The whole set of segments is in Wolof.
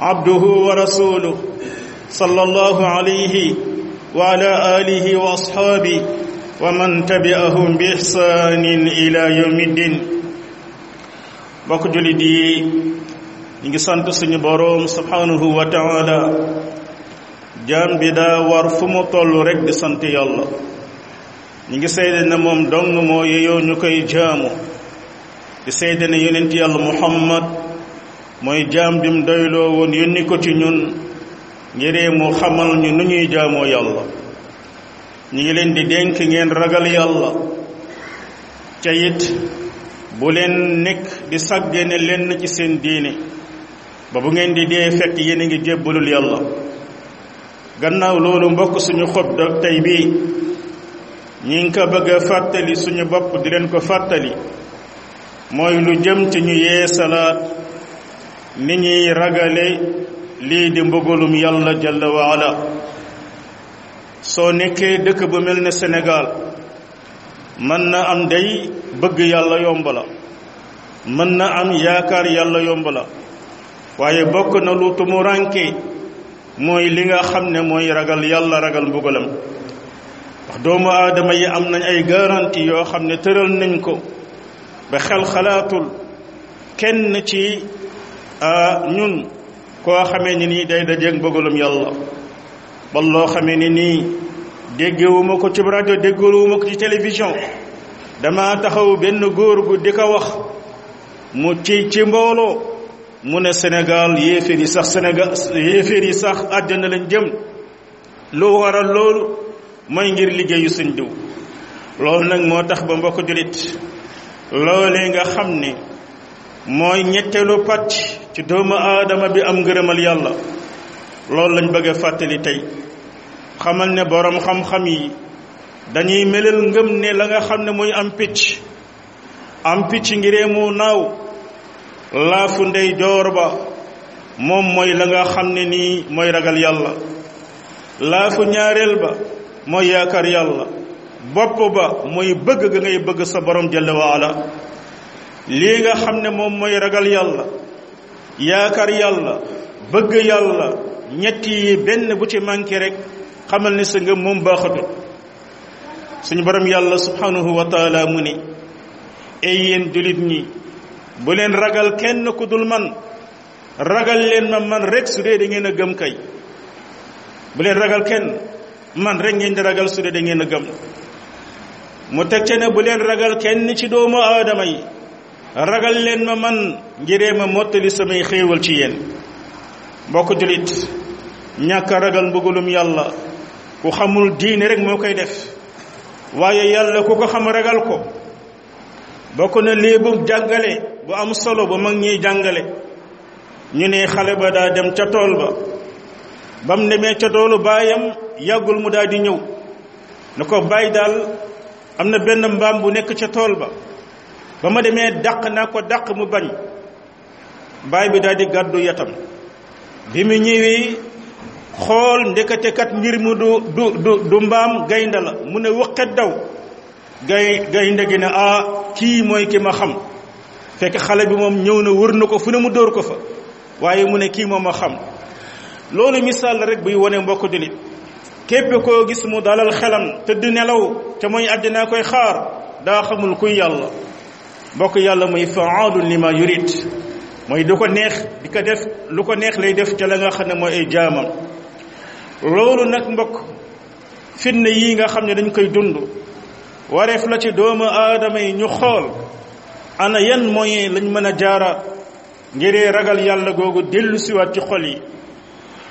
عبده ورسوله صلى الله عليه وعلى آله وأصحابه ومن تبعهم بإحسان إلى يوم الدين bokk juli di ñu ngi sant suñu borom subhanahu wa ta'ala jam bi da war fu mu tollu rek di sant yalla ñu ngi seyde na moom dong moo yeyoo ñu koy jaamu di seyde na yonent yalla muhammad moy jam bim doylo won yoni ko ci ñun ngire mo xamal ñu nu ñuy jamo yalla ñi ngi leen di denk ngeen ragal yalla ca yit bu leen nekk di saggene lenn ci seen diine ba bu ngeen di dee fekk yéen ngi jébbalul yàlla gannaaw loolu mbokk suñu xob da tey bii ñi ngi ko bëgg a fàttali suñu bopp di leen ko fàttali mooy lu jëm ci ñu yee salaat ni ñuy ragale lii di mbëggalum yàlla jalla waala soo nekkee dëkk ba mel ne Sénégal mën na am day bëgg yàlla yomb la mën na am yaakaar yàlla yombala waaye bokk na lu tumuranke mooy li nga xam ne mooy ragal yàlla ragal mbugalam wax doomu aadama yi am nañ ay garanti yoo xam ne tëral nañ ko ba xel xalaatul kenn ci ñun koo xamee ni nii day dajeeg mbëggalum yàlla ba loo xamee ni nii déggewuma ko ci rajo déggewuma ko ci télévision dama taxaw benn góor gu di ko wax mu ci ci mbooloo mu ne Sénégal yéeféer yi sax Sénégal yéeféer yi sax àjjana lañ jëm lu waral loolu mooy ngir liggéeyu seen diw loolu nag moo tax ba mbokk jullit loolee nga xam ne mooy ñetteelu pàcc ci doomu aadama bi am ngërëmal yàlla loolu lañ bëgg a fàttali tey xamal ne borom xam-xam yi dañuy melal ngëm ne la nga xam ne muy am picc am picc ngiree moo naaw laafu ndey joor ba moom mooy la nga xam ne nii mooy ragal yàlla laafu ñaareel ba mooy yaakaar yàlla bopp ba mooy bëgg ga ngay bëgg sa borom jëlle waala lii nga xam ne moom mooy ragal yàlla yaakaar yàlla bëgg yàlla ñett yi benn bu ci manqué rekk xamal ne sa ngëm moom baaxatul suñu boroom yàlla subhanahu wa taala mu ni ay yéen jullit ñi bu leen ragal kenn ku dul man ragal leen ma man rekk su dee da ngeen a gëm kay bu leen ragal kenn man rek ngeen di ragal su dee dangeen a gëm mu teg ca ne bu leen ragal kenn ci doomu aadama yi ragal leen ma man ngiree a mottali samay xéewal ci yéen mbokk jullit ñàkk a ragal mbugalum yàlla ku xamul diine rek moo koy def waaye yàlla ku ko xam ragal ko bokk ko lii bu jàngale bu am solo ba mag ñiy jàngale ñu ne xale ba daa dem ca tool ba ba mu demee ca toolu baayam yàggul mu daal di ñëw na ko bàyyi daal am na benn mbaam bu nekk ca tool ba ba ma demee dàq naa ko dàq mu bañ baay bi daal di gàddu yatam bi mu ñëwi xool ndekatekat ngir mu du du du du mbaam gaynda la mu ne wëqet daw gay gaynda gi ne ah kii mooy ki ma xam fekk xale bi moom ñëw na wër na ko fu ne mu dóor ko fa waaye mu ne kii moom ma xam loolu misaal la rek buy wone mbokk julit képp koo gis mu dalal xelam te du nelaw te mooy addinaa koy xaar daa xamul kuy yàlla mbokk yàlla muy faadun lima yurid mooy du ko neex di ko def lu ko neex lay def ca la nga xam ne mooy ay jaamam loolu nag mbokk fitna yii nga xam ne dañ koy dund wareef la ci doomu aadama yi ñu xool ana yan moyen lañ mën a jaara ngiree ragal yàlla googu dellu siwaat ci xol yi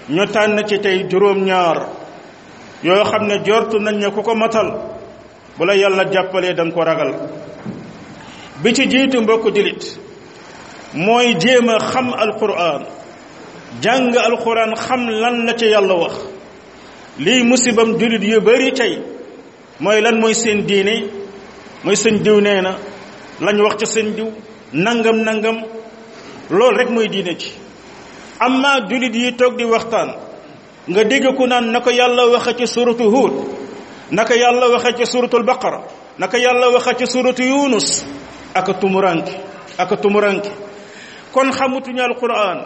ñu tànn ci tey juróom-ñaar yoo xam ne jortu nañ ne ku ko matal bu la yàlla jàppalee da ko ragal bi ci jiitu mbokk jullit mooy jéem a xam alquran jàng alquran xam lan la ci yàlla wax lii musibam jullit yu bari tey mooy lan mooy seen diine mooy seen diw nee na lañ wax ca seen diw nangam nangam loolu rek mooy diine ci amma jullit yi toog di waxtaan nga dégg ku naan na ko yàlla waxe ci suratu Huud naka yàlla waxe ci suratul baqara naka yàlla waxe ci suratu yunus aka tumuranke aka tumuranke kon xamutuñu alquran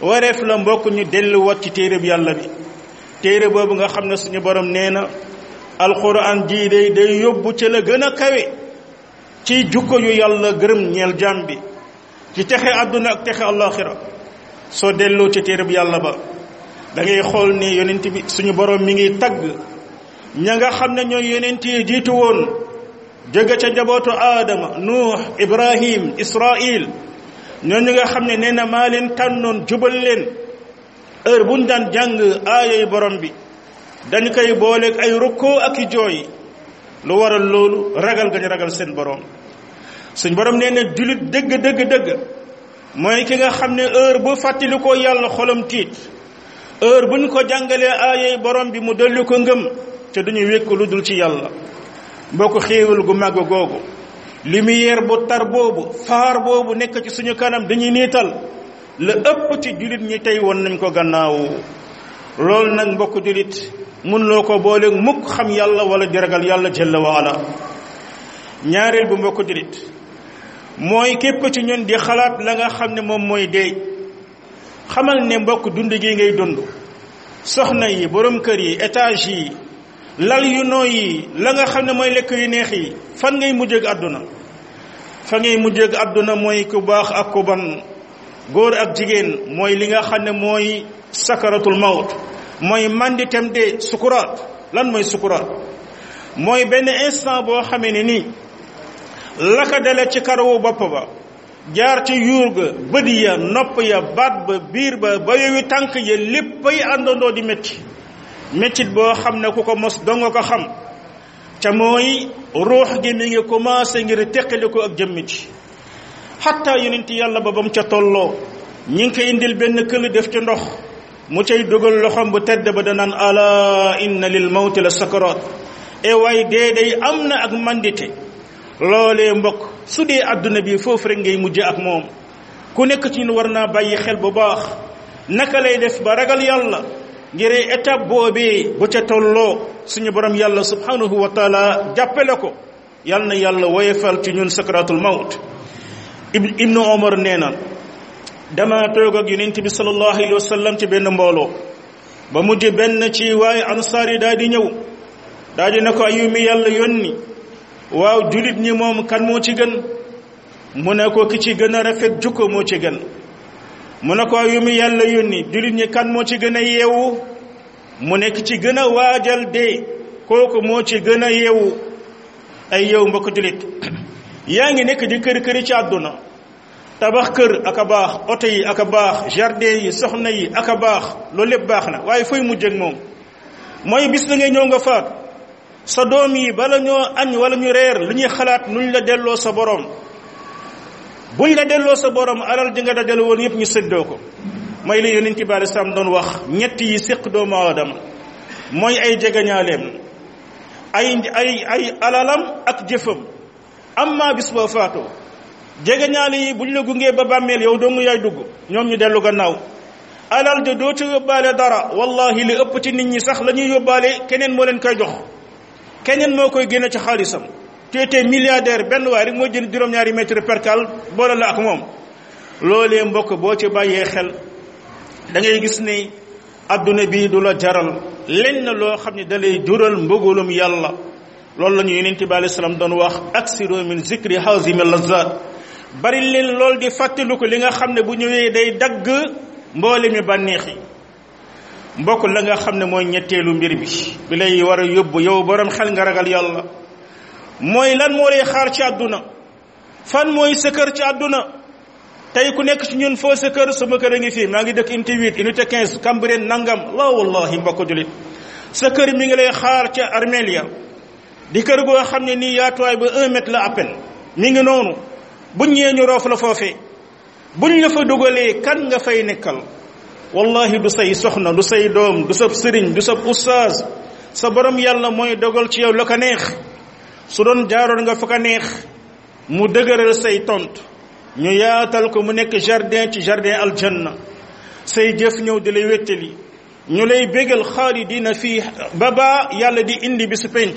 wareef la mbokk ñu delluwaat ci téere bi yàlla bi téere boobu nga xam ne suñu borom nee na alquran jii day day yóbbu ci la gën a kawe ci jukko yu yàlla gërëm ñeel jaam bi ci texe àdduna ak texe àllaaxira soo delloo ci téere bi yàlla ba dangay xool ne yonent bi suñu borom mi ngi tagg ña nga xam ne ñoo yonent yi jiitu woon jóge ca njabootu aadama nuux ibrahim israil ñooñu nga xam ne nee na maa leen tànnoon jubal leen heure buñ daan jàng aayoy borom bi dañu koy booleeg ay rukkoo ak i jooy lu waral loolu ragal gañu ragal seen borom suñ borom nee na julit dëgg dëgg dëgg mooy ki nga xam ne heure bu fàttali ko yàlla xolam tiit heure buñ ko jàngalee aayoy borom bi mu dolli ko ngëm te duñu wékk lu dul ci yàlla mbokk xéewal gu màgg googu lumière bu tar boobu faar boobu nekk ci suñu kanam dañuy niital la ëpp ci jullit ñi tey woon nañ ko gannaaw loolu nag mbokk jullit mënuloo ko boole mukk xam yàlla wala di ragal yàlla jalla waala ñaareel bu mbokk jullit mooy képp ci ñun di xalaat la nga xam ne moom mooy dee xamal ne mbokk dund gi ngay dund soxna yi borom kër yi étage yi lal yu nooy yi la nga xam ne mooy lekk yu neex yi fan ngay mujjëg àdduna fa ngay mujjëg àdduna mooy ku baax ak ku ban góor ak jigéen mooy li nga xam ne mooy sakaratul mawt mooy manditem de sukuraat lan mooy sukuraat mooy benn instant boo xamee ne nii la ko ci karawu bopp ba jaar ci yuur ga bët ya nopp ya baat ba biir ba ba yooyu tànk ya lépp àndandoo di metti metit boo xam ne ku ko mos dongo ko xam ca mooy ruux gi mi ngi commencé ngir teqali ko ak jëm ci xatta yonent yàlla ba mu ca tolloo ñi ngi koy indil benn këll def ci ndox mu cay dugal loxom bu tedd ba danaan ala inna lil mawti la sakarat e waay dee day am na ak mandite loole mbokk su dee àdduna bi foofu rek ngay mujj ak moom ku nekk ci ñu war naa bàyyi xel bu baax naka lay def ba ragal yàlla ngiri étape boobi bu ca tolloo suñu borom yàlla subhanahu wa taala jàppele ko yàl na yàlla woyefal ci ñun sacratul maut ibnu omar nee na dama toog ak yonent bi sal allahu alehi wasallam ci benn mbooloo ba mujj benn ci waay ansar yi daa di ñëw daa di ne ko ayu mi yàlla yónni waaw julit ñi moom kan moo ci gën mu ne ko ki ci gën a rafet jukko moo ci gën mu ne ko yu mu yàlla yónni jullit ñi kan moo ci gën a yeewu mu nekk ci gën a waajal de kooku moo ci gën a yeewu ay yeewu mbokk jullit yaa ngi nekk di kër këri ci àdduna tabax kër ak a baax oto yi ak a baax jardin yi soxna yi ak a baax loolu lépp baax na waaye fooy mujj ak moom mooy bis la ngay ñëw nga faat sa doom yi bala ñoo añ wala ñu reer lu ñuy xalaat nuñ la delloo sa borom buñ la delloo sa borom alal ji nga dajale woon yëpp ñu séddoo ko mooy li yonent bi alei salaam doon wax ñett yi séq doomu aadama mooy ay jegañaaleem ay ay ay alalam ak jëfam amma bis boo faatoo jegañaale yi buñ la gungee ba bàmmeel yow dong yaay dugg ñoom ñu dellu gannaaw alal da doo ci yóbbaale dara wallahi li ëpp ci nit ñi sax la ñuy yóbbaale keneen moo leen koy jox keneen moo koy génne ci xaalisam tété milliardaire ben way rek mo jënd juróom-ñaari mètre percal boole la ak moom loolee mbokk boo ci bàyyee xel da ngay gis ni adduna bi du la jaral lenn loo xam ne da lay jural mbëgulum yàlla loolu la ñu yonent ci alayhi salaam doon wax aksiru min zikri hazimi lazat bari leen lool di fàttaliku li nga xam ne bu ñëwee day dagg mboole mi bànneex yi mbokk la nga xam ne mooy ñetteelu mbir bi bi lay war a yóbbu yow borom xel nga ragal yàlla mooy lan moo lay xaar ci àdduna fan mooy sa kër ci àdduna tey ku nekk ci ñun foo sa kër sama kër a ngi fii maa ngi dëkk unité 8 unité 15 Cambérène nangam la wallahi mbokk julit sa kër mi ngi lay xaar ca armeel ya di kër goo xam ne nii yaatuwaay ba un mètre la appel mi ngi noonu buñ yee ñu roof la foofee buñ la fa dugalee kan nga fay nekkal wallahi du say soxna du say doom du sa sëriñ du sa oustaz sa borom yàlla mooy dogal ci yow la ko neex su doon jaaroon nga fu ko neex mu dëgëral say tontu ñu yaatal ko mu nekk jardin ci jardin aljanna say jëf ñëw di lay wéttali ñu lay bégal xaalidina fii babaa yàlla di indi bi su penc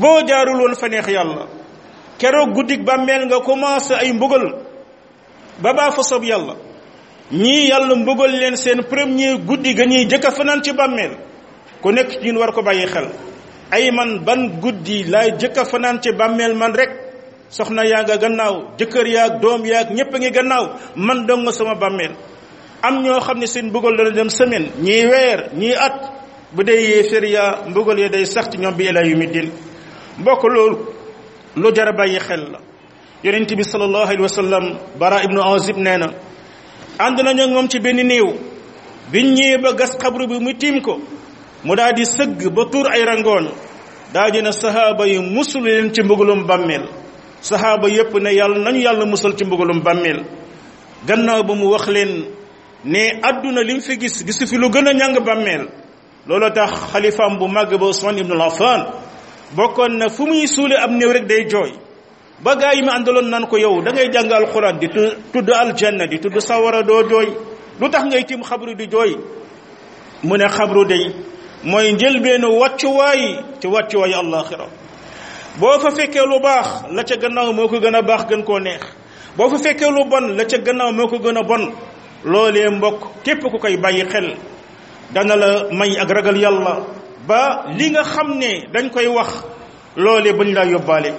boo jaarul woon fa neex yàlla keroog guddi bàmmeel nga commencé ay mbugal baba fa sob yàlla ñii yàlla mbugal leen seen premier guddi ga ñuy jëkk a fanaan ci bàmmeel ku nekk ñun war ko bàyyi xel ay man ban guddi laay jëkk a fanaan ci bàmmeel man rek soxna yaa nga gannaaw jëkkër yaag doom yaag ñépp ngi gannaaw man dong sama bàmmeel am ñoo xam ne seen mbugal dana dem semaine ñii weer ñii at bu dee yéefér ya mbugal ya day sax ci ñoom bi ilaa yumi din mbokk loolu lu bàyyi xel la yonent bi wa sallam bara ibnu azib nee na ànd nañu ak moom ci benn néew biñ ñëwee ba gas xabru bi mu tiim ko mu daa di sëgg ba tuur ay rangoon daa na sahaaba yi musul leen ci mbugalum bàmmeel sahaaba yépp ne yàlla nañu yàlla musal ci mbugalum bàmmeel gannaaw ba mu wax leen ne àdduna li mu fi gis gisu fi lu gën a ñàng bàmmeel loolu tax xalifaam bu màgg ba Usmaan ibnul Affaan bokkoon na fu muy suule am néew rek day jooy ba gaa yi ma àndaloon nan ko yow dangay ngay jàng alxuraan di tudd aljanna di tudd sawara doo jooy lu tax ngay tiim xabru di jooy mu ne xabru day mooy njëlbeenu wàccuwaay ci wàccuwaayu àllaaxira boo fa fekkee lu baax la ca gannaaw moo ko gën a baax gën koo neex boo fa fekkee lu bon la ca gannaaw moo ko gën a bon loolee mbokk képp ku koy bàyyi xel dana la may ak ragal yàlla ba li nga xam ne dañ koy wax loole bañ laa yóbbaale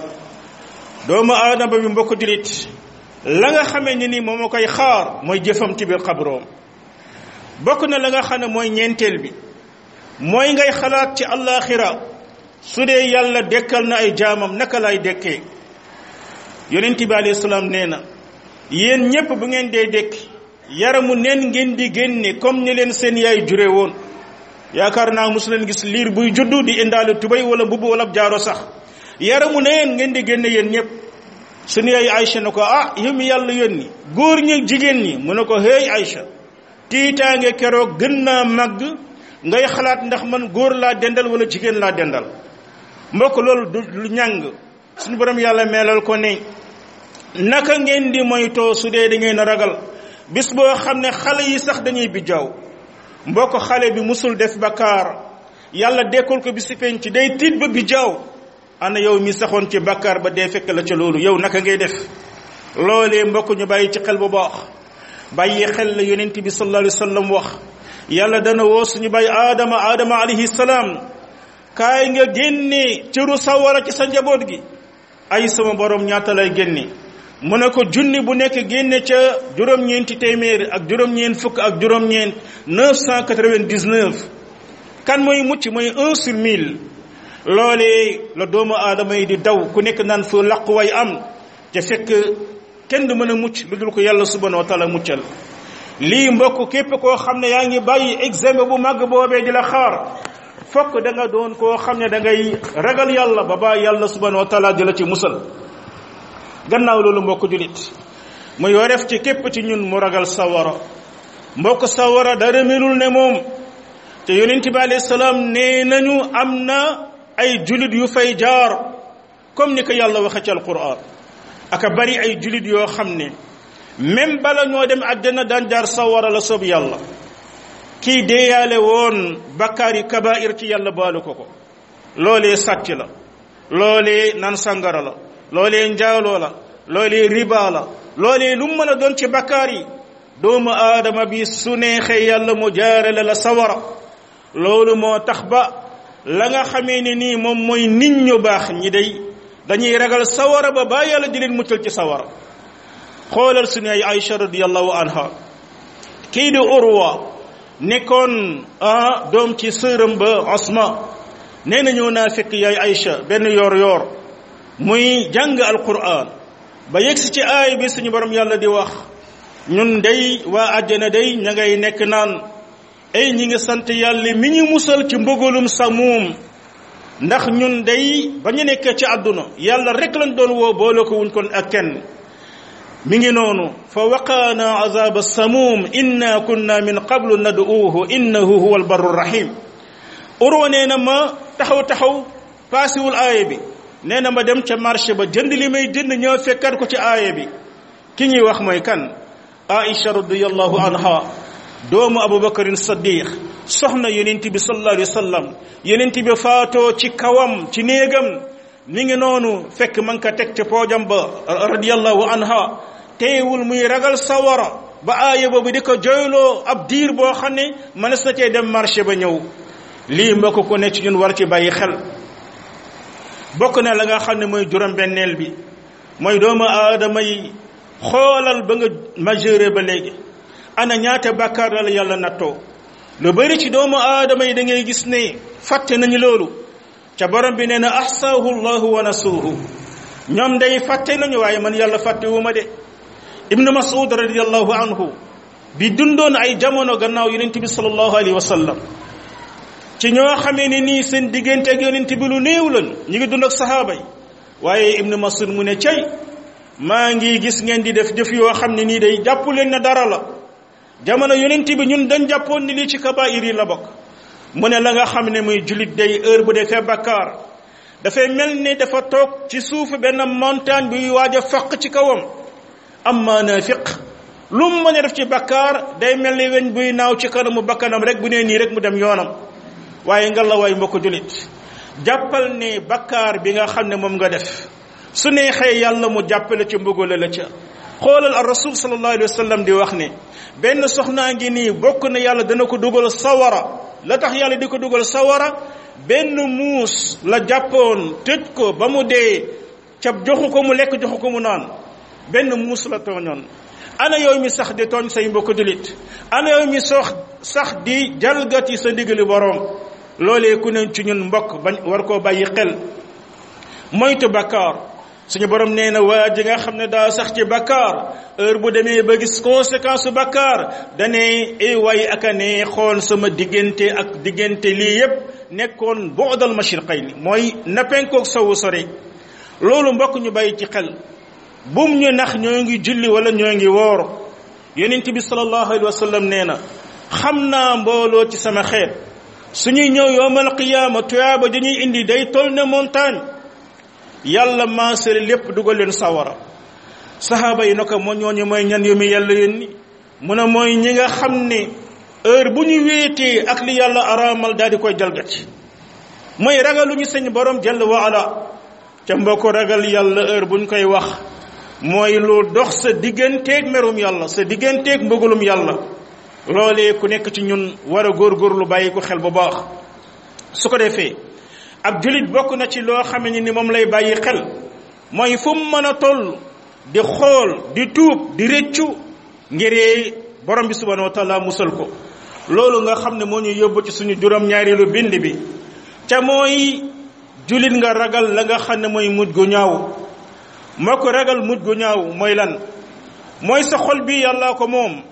doomu aadama bi mbokk jullit la nga xamee ne ni moom moo koy xaar mooy jëfam ci biir xabroom bokk na la nga xam ne mooy ñeenteel bi mooy ngay xalaat ci àllaaxira su dee yàlla dekkal na ay jaamam naka lay dekkee yonent bi alei salaam nee na yéen ñépp bu ngeen dee dekk yaramu neen ngeen di génne comme ni leen seen yaay jure woon yaakaar naa mosu leen gis liir buy judd di indaale tubay wala bubb wala jaaro sax yaramu neen ngeen di génne yéen ñépp suñu yaay aycha ne ko ah yi mu yàlla yónni góor ñi jigéen ñi mu ne ko hey aycha tiitaange keroog gën naa màgg ngay xalaat ndax man góor laa dendal wala jigéen laa dendal mbokk loolu lu ñàng suñu boroom yàlla meelal ko ne naka ngeen di moytoo su dee da ngeen a ragal bis boo xam ne xale yi sax dañuy bijjaaw mbokk xale bi musul def bakkaar yàlla dekkul ko bi si ci day tiit ba bijjaaw ana yow mi saxoon ci bakkaar ba dee fekk la ca loolu yow naka ngay def loolee mbokk ñu bàyyi ci xel bu baax bàyyi xel la yonent bi sallallahu alayhi wa sallam wax yàlla dana woo suñu bay aadama aadama alayhi salaam kaay nga génne cëru sawara ci sa njaboot gi ay sama borom ñaata lay génne mu ne ko junni bu nekk génne ca juróom-ñeenti téeméer ak juróom-ñeent fukk ak juróom-ñeent neuf cent quatre kan mooy mucc mooy un sur mille loolee la doomu aadama yi di daw ku nekk naan fu làquwaay am te fekk kenn du mën a mucc lu dul ko yàlla subhanahu wa taala muccal lii mbokk képp koo xam ne yaa ngi bàyyi examen bu mag boobee di la xaar fokk danga doon koo xam ne dangay ragal yàlla ba bàyyi yàlla subhanahu wa taala di la ci musal gannaaw loolu mbokk julit muy wareef ci képp ci ñun mu ragal sawara mbokk sawara dara melul ne moom te yonent bi alayhi salaam nee nañu am na ay julit yu fay jaar comme ni ko yàlla waxee ci alquran aka bari ay julit yoo xam ne même bala ñoo dem àjjana daan jaar sawara la sob yàlla kii deeyaale woon bakkaar yi kabair ci yàlla baalu ko ko loolee sàcc la loolee naan sàngara la loolee njaaloo la loolee riba la loolee lu mën a doon ci bakkaar yi doomu aadama bi su neexee yàlla mu jaarale la sawara loolu moo tax ba la nga xamee ne nii moom mooy nit ñu baax ñi day dañuy ragal sawara ba baa yàlla di leen muccal ci sawara xoolal suñu ay Aïcha radiyallahu anha kii di Urwa nekkoon a ah, doom ci sërëm ba Asma nee na ñëw naa fekk yaay Aïcha benn yoor yoor muy jàng alquran ba yegsi ci aay bi suñu borom yàlla di wax ñun day waa àjjana day ña ngay nekk naan ay ñi ngi sant yàlla mi ñu musal ci mbugalum samuum ndax ñun day ba ñu nekk ci àdduna yàlla rekk lañ doon woo boole ko wuñ kon ak kenn mingi ngi fa waqana azab as samum inna kunna min qablu nad'uhu innahu huwal barur rahim urwa nee na ma taxaw taxaw paasiwul aaya bi nee ma dem ci marché ba jënd li may jënd ñoo fekkat ko ci aaya bi ki ñi wax moy kan aisha radhiyallahu anha doomu abubakar as-siddiq soxna yonent bi sallallahu alayhi wasallam sallam yonent bi faatoo ci kawam ci néegam ni ngi noonu fekk man ka teg ca poojam ba radiyallahu anha teewul muy ragal sawara ba aaya boobu dikk joyloo ab diir boo xam ne mënees na cee dem marché ba ñëw lii mbokk ko ne ci ñun war ci bàyyi xel bokk na la nga xam ne mooy juróom-benneel bi mooy doomu aadama yi xoolal ba nga majeure ba léegi ana ñaata bàkkaar la yàlla nattoo lu bëri ci doomu aadama yi dangay gis ne fàtte nañu loolu ca borom bi nee na ahsaahu llahu wa nasuuhu ñoom day fàtte nañu waaye man yàlla fàttewu ma de ibnu masud radiallahu anhu bi dundoon ay jamono gannaaw yonent bi sallallahu alayhi wa sallam ci ñoo xamee ne nii seen diggante ak yonent bi lu néew lan ñu ngi dund ak sahaaba yi waaye ibnu masud mu ne cay maa ngi gis ngeen di def jëf yoo xam ne nii day jàpp leen na dara la jamono yonent bi ñun dañ jàppoon ni ci kabaa'ir yi la bokk mu ne la nga xam ne muy jullit day heure bu defee bakkaar dafay mel ni dafa toog ci suufu benn montagne buy waaj a ci kawam amma naafiq lu mu mën a def ci bakkaar day mel ni weñ buy naaw ci kanamu bakkanam rek bu ne nii rek mu dem yoonam waaye nga la waay mbokk jullit jàppal ni bakkaar bi nga xam ne moom nga def su ne neexee yàlla mu jàppale ci mbugale la ca xoolal al rasul sallallahu alayhi wa sallam di wax ne benn soxnaa ngi nii bokk na yàlla dana ko dugal sawara la tax yàlla di ko dugal sawara benn muus la jàppoon tëj ko ba mu dee ca joxu ko mu lekk joxu ko mu naan benn muus la tooñoon ana yow mi sax di tooñ say mbokk jullit ana yow mi sox sax di jalgati sa ndigali boroom loole ku ne ci ñun mbokk bañ war koo bàyyi xel moytu bakkaar suñu borom nee na waa ji nga xam ne daa sax ci bakkaar heure bu demee ba gis conséquence su bakkaar danay ay way ak a neexoon sama diggante ak diggante lii yépp nekkoon dal boodal mashriqayni mooy na penkook sowu loolu mbokk ñu bàyyi ci xel bum ñu nax ñoo ngi julli wala ñoo ngi woor yonent bi sallallahu alayhi wa sallam nee na xam naa mbooloo ci sama xeet suñuy ñëw yowmal qiyaama tuyaaba dañuy indi day toll ne montagne yàlla maasale lépp dugal leen sawara saxaaba yi na ko moo ñooñu mooy ñan yu mu yàlla yónni mu ne mooy ñi nga xam ne heure bu ñu wéetee ak li yàlla araamal daal di koy jalgati mooy ragaluñu seen boroom jàll wa ala ca mbokk ragal yàlla heure bu ñu koy wax mooy lu dox sa digganteeg merum yàlla sa digganteeg mbëggalum yàlla loolee ku nekk ci ñun war a lu bàyyi ko xel bu baax su ko defee ak jullit bokk na ci loo xame ni moom lay bàyyi xel mooy fu mu mën a toll di xool di tuub di rëccu ngir borom bi subhanahu wa musal ko loolu nga xam ne moo ñuy yóbbu ci suñu juróom-ñaareelu bind bi ca mooy jullit nga ragal la nga xam ne mooy mujj gu ñaaw moo ko ragal mujj gu ñaaw mooy lan mooy sa xol bi yàllaa ko moom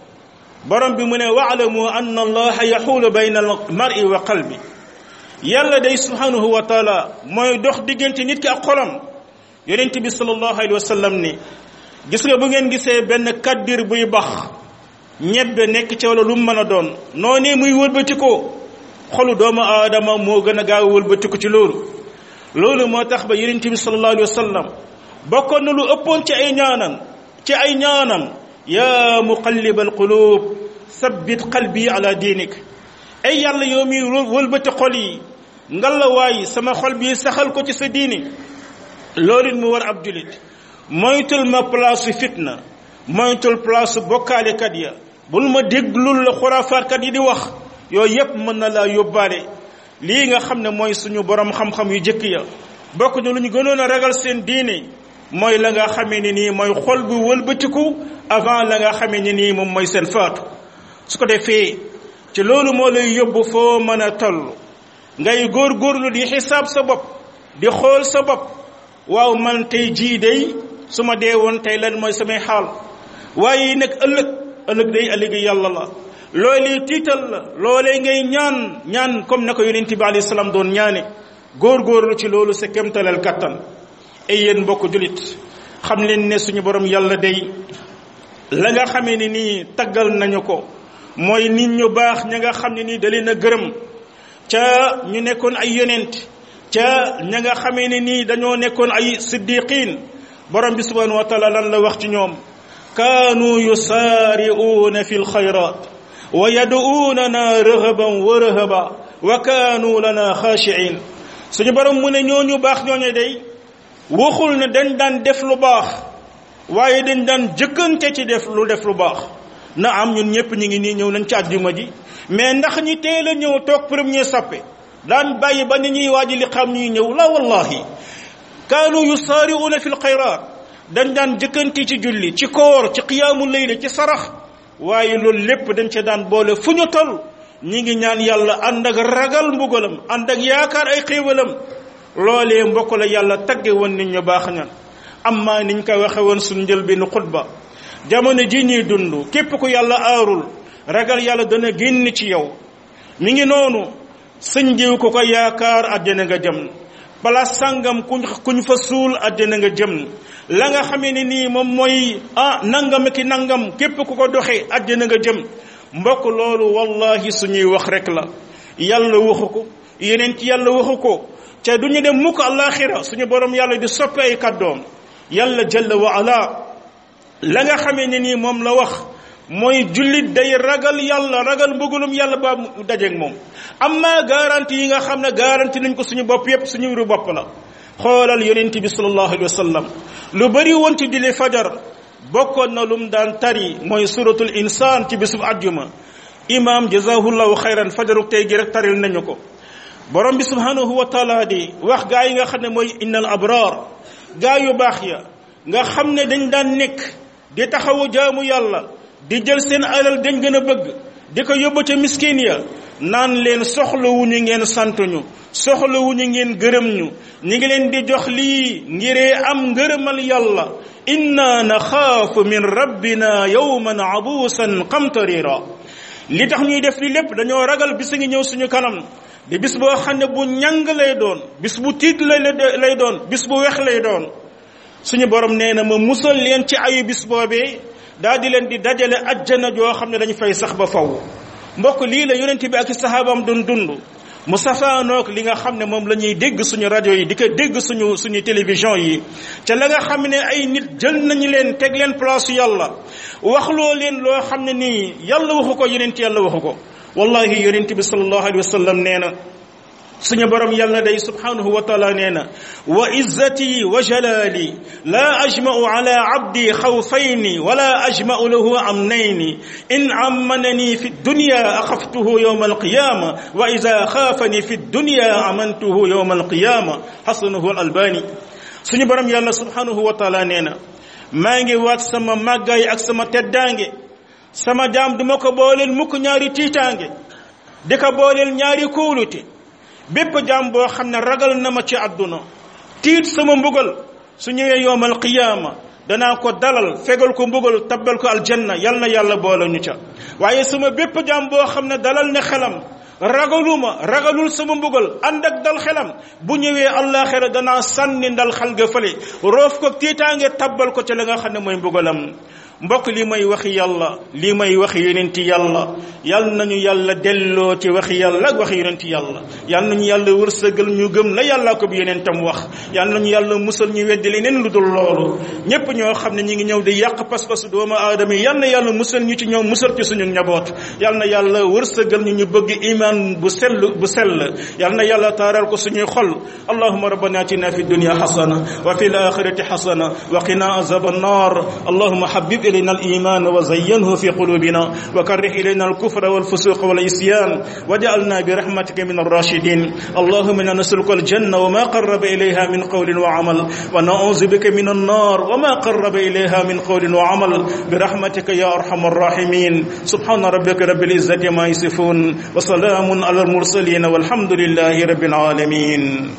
borom bi mu ne waalamu anna allaha yaxuulu bayna al mar'i wa qalbi yàlla day subhanahu wa taala mooy dox diggante nit ki ak xolam yonent bi salallahu alayhi wa sallam ni gis nga bu ngeen gisee benn kaddir buy bax ñebbe nekk ca wala lu mën a doon noonee muy wëlbatikoo xolu doomu aadama moo gën a gaaw wëlbatiku ci loolu loolu moo tax ba yonent bi salallahu alayhi wa sallam bokkoon na lu ëppoon ci ay ñaanam ci ay ñaanam yaa muqallib alqulub sabbit qalbi ala diinik ay yàlla yow mi wëlbati xol yi ngallawaayi sama xol bi saxal ko ci sa diini loolu it mu war ab julit moytul ma place fitna moytul place bokkaalekat ya bul ma déglul la xuraafaatkat yi di wax yooyu yépp mën na laa yóbbaale lii nga xam ne mooy suñu borom xam-xam yu jëkk ya bokk na lu ñu gënoon a ragal seen diini mooy la nga xamee ne nii mooy xol bu wëlbatiku avant la nga xamee ni nii moom mooy seen faatu su ko defee ci loolu moo lay yóbbu foo mën a toll ngay góorgóorlu di xisaab sa bopp di xool sa bopp waaw man tey jii day su ma dee woon tey lan mooy samay xaal waaye nag ëllëg ëllëg day ëllëgi yàlla la loolee tiital la loolee ngay ñaan ñaan comme na ko yonent bi alayhi salaam doon ñaane góorlu ci loolu sa kémtalal kattan ay yéen mbokk jullit xam leen ne suñu borom yàlla day la nga xamee ne nii taggal nañu ko mooy nit ñu baax ña nga xam ne ni da leen a gërëm ca ñu nekkoon ay yonent ca ña nga xamee ne nii dañoo nekkoon ay siddiqin borom bi subhanahu wa lan la wax ci ñoom kaanu yusaari'uuna fi lxayrat wa yad'uunana rëhaban wa rëhaba wa kaanu lana xaashiin suñu borom mu ne ñu baax ñooñu day waxul ne dañ daan def lu baax waaye dañ daan jëkkante ci def lu def lu baax na am ñun ñëpp ñu ngi nii ñëw nañ ci àjjuma ji mais ndax ñi teel a ñëw toog premier sappe daan bàyyi ba ni ñuy waaji li xam ñuy ñëw la wallahi kaanu yusaariuuna fi lxayraat dañ daan jëkkanti ci julli ci koor ci qiyaamu layli ci sarax waaye loolu lépp dañ ca daan boole fu ñu tol ñi ngi ñaan yàlla ànd ak ragal mbugalam ànd ak yaakaar ay xéewalam loolee mbokk la yàlla tagge woon nit ñu baax ñan amma niñ ko waxe woon suñ njël bi nu xutba jamono ji ñuy dund képp ko yàlla aarul ragal yàlla dana génn ci yow mu ngi noonu sëñ jiw ku ko yaakaar àddina nga jëm place sàngam kuñ ñu fa suul àddina nga jëm la nga xamee ne nii moom mooy ah nangam ki nangam képp ku ko doxee àddina nga jëm mbokk loolu wallahi suñuy wax rek la yàlla waxu ko yeneen ci yàlla waxu ko te du ñu dem mukk àllaaxira suñu borom yàlla di soppe ay kàddoom yàlla jalla wa ala la nga xamee ni nii moom la wax mooy jullit day ragal yàlla ragal mbugulum yàlla ba mu dajeeg moom am naa garantie yi nga xam ne garanti nañ ko suñu bopp yépp suñu wiru bopp la xoolal yonent bi sallallahu alayhi wa sallam lu bari woon ci julli fajar bokkoon na lum daan tari mooy suratul insaan ci bisub àjjuma imam jazahullahu xayran fajaruk tey gi rek taril nañu ko borom bi subhanahu wa taala di wax gaay yi nga xam ne mooy innal abrar gaay yu baax ya nga xam ne dañ daan nekk di taxawu jaamu yàlla di jël seen alal dañ gën a bëgg di ko yóbbu ca miskin ya naan leen soxlawuñu ngeen sant ñu soxlawuñu ngeen gërëm ñu ñi ngi leen di jox lii ngiree am ngërëmal yàlla inna naxaafu min rabbina yawman abuusan qamtarira li tax ñuy def li lépp dañoo ragal bis ngi ñëw suñu kanam di bis boo xam ne bu ñàng lay doon bis bu tiit la lay doon bis bu weex lay doon suñu borom neena ma musal leen ci ayu bis bobé daal di leen di dajale aljana jo xamne ne dañu fay sax ba faw mbokk li la yonent bi ak sahaabam dun dund mu nok li nga xamne mom lañuy dégg suñu radio yi di dégg suñu suñu télévision yi ca la nga xamne ay nit jël nañ leen tek leen place yàlla waxloo leen loo xam ne nii yàlla waxuko ko yàlla waxuko ko wallahi yonent bi sallallahu alayhi wa sallam suñu borom yàlla day subhanahu wa taala nee na wa izzati wa jalaali laa ajma'u ala abdi xawfayni wala ajma'u lahu amnayni in ammanani fi dunya axaftuhu yowma alqiyama wa ida xaafani fi dunya amantuhu yowma alqiyama xasanahu alalbani suñu borom yàlla subhanahu wa taala nee na maa ngi waat sama màggaay ak sama teddaange sama jaam duma ko booleel mukk ñaari tiitaange di ko booleel ñaari kuulute bépp jaam boo xam ne ragal na ma ci àdduna tiit sama mbugal su ñëwee yowmal qiyaama danaa ko dalal fegal ko mbugal tabbal ko aljanna yal na yàlla boole ñu ca waaye sama bépp jaam boo xam ne dalal ne xelam ragaluma ragalul sama mbugal ànd ak dal xelam bu ñëwee àllaaxira danaa sànni ndal xal ga fële roof ko tiitaange tabbal ko ca la nga xam ne mooy mbugalam mbokk li may waxi yàlla li may waxi yonenti yàlla yal nañu yàlla delloo ci waxi yàlla ak waxi yonenti yàlla yal nañu yàlla wërsëgal ñu gëm la yàlla ko bi yonentam wax yal nañu yàlla musal ñu weddi leneen lu dul loolu ñépp ñoo xam ne ñi ngi ñëw di yàq pas-pasu dooma aadama yi yal na yàlla musal ñu ci ñoom musal ci suñu njaboot yal na yàlla wërsëgal ñu ñu bëgg iman bu sell bu sell yal na yàlla taaral ko suñuy xol allahumma rabbana atina fi dunya hasana wa fil akhirati hasana wa qina azaban nar allahumma habib إلينا الإيمان وزينه في قلوبنا وكره إلينا الكفر والفسوق والعصيان وجعلنا برحمتك من الراشدين اللهم إنا نسألك الجنة وما قرب إليها من قول وعمل ونعوذ بك من النار وما قرب إليها من قول وعمل برحمتك يا أرحم الراحمين سبحان ربك رب العزة ما يصفون وسلام على المرسلين والحمد لله رب العالمين